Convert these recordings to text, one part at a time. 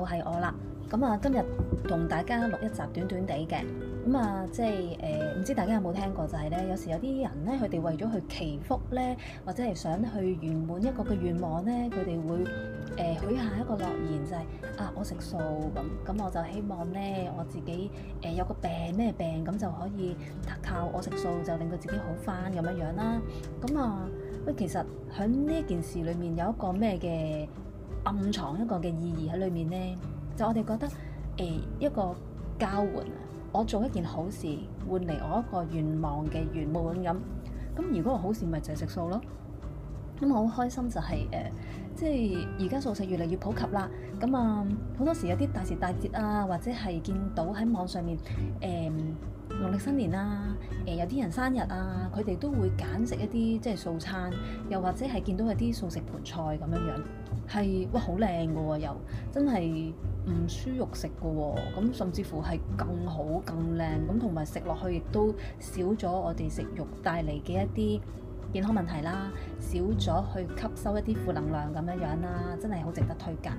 就係我啦，咁啊，今日同大家錄一集短短地嘅，咁、嗯、啊，即係誒，唔、呃、知大家有冇聽過，就係、是、咧，有時有啲人咧，佢哋為咗去祈福咧，或者係想去圓滿一個嘅願望咧，佢哋會誒、呃、許下一個諾言，就係、是、啊，我食素咁，嗯、我就希望咧，我自己誒、呃、有個病咩病，咁、嗯、就可以靠我食素就令到自己好返咁樣樣啦。咁、嗯、啊，喂、呃，其實喺呢件事裏面有一個咩嘅？暗藏一個嘅意義喺裏面呢，就我哋覺得誒、欸、一個交換啊，我做一件好事，換嚟我一個願望嘅願望咁，咁如果個好事咪就係食素咯。咁我好開心就係、是、誒、呃，即係而家素食越嚟越普及啦。咁、嗯、啊，好多時有啲大時大節啊，或者係見到喺網上面誒、呃，農曆新年啊，誒、呃、有啲人生日啊，佢哋都會揀食一啲即係素餐，又或者係見到有啲素食盤菜咁樣樣，係哇好靚㗎喎，又真係唔輸肉食㗎喎。咁、嗯、甚至乎係更好、更靚，咁同埋食落去亦都少咗我哋食肉帶嚟嘅一啲。健康問題啦，少咗去吸收一啲負能量咁樣樣啦，真係好值得推介。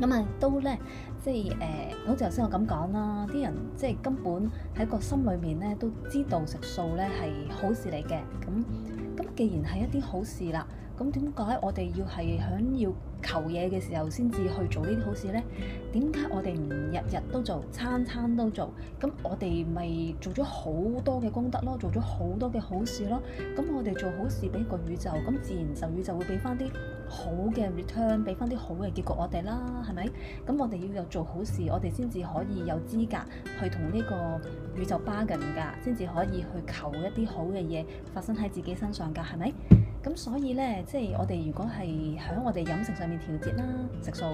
咁啊、嗯，都咧即係誒、呃，好似頭先我咁講啦，啲人即係根本喺個心裏面咧都知道食素咧係好事嚟嘅。咁咁，既然係一啲好事啦。咁點解我哋要係想要求嘢嘅時候先至去做呢啲好事呢？點解、嗯、我哋唔日日都做，餐餐都做？咁我哋咪做咗好多嘅功德咯，做咗好多嘅好事咯。咁我哋做好事俾個宇宙，咁自然就宇宙會俾翻啲好嘅 return，俾翻啲好嘅結果我哋啦，係咪？咁我哋要有做好事，我哋先至可以有資格去同呢個宇宙 bargain 㗎，先至可以去求一啲好嘅嘢發生喺自己身上㗎，係咪？咁所以咧，即係我哋如果係喺我哋飲食上面調節啦，食素，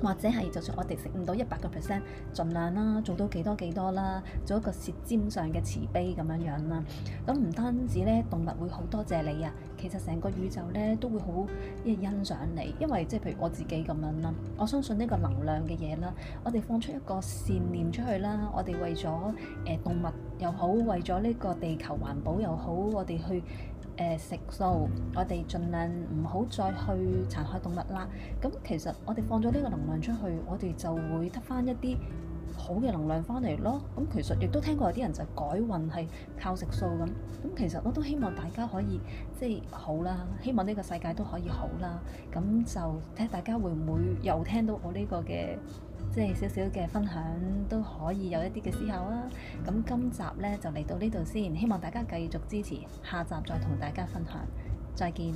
或者係就算我哋食唔到一百個 percent，盡量啦，做到幾多幾多啦，做一個舌尖上嘅慈悲咁樣樣啦。咁唔單止咧，動物會好多謝你啊，其實成個宇宙咧都會好欣賞你，因為即係譬如我自己咁樣啦，我相信呢個能量嘅嘢啦，我哋放出一個善念出去啦，我哋為咗誒、呃、動物又好，為咗呢個地球環保又好，我哋去誒食素，我哋盡量唔好再去殘害動物啦。咁其實我哋放咗呢個能量出去，我哋就會得返一啲好嘅能量返嚟咯。咁其實亦都聽過有啲人就改運係靠食素咁。咁其實我都希望大家可以即係好啦，希望呢個世界都可以好啦。咁就睇下大家會唔會又聽到我呢個嘅。即係少少嘅分享都可以有一啲嘅思考啦。咁今集呢，就嚟到呢度先，希望大家繼續支持，下集再同大家分享，再見。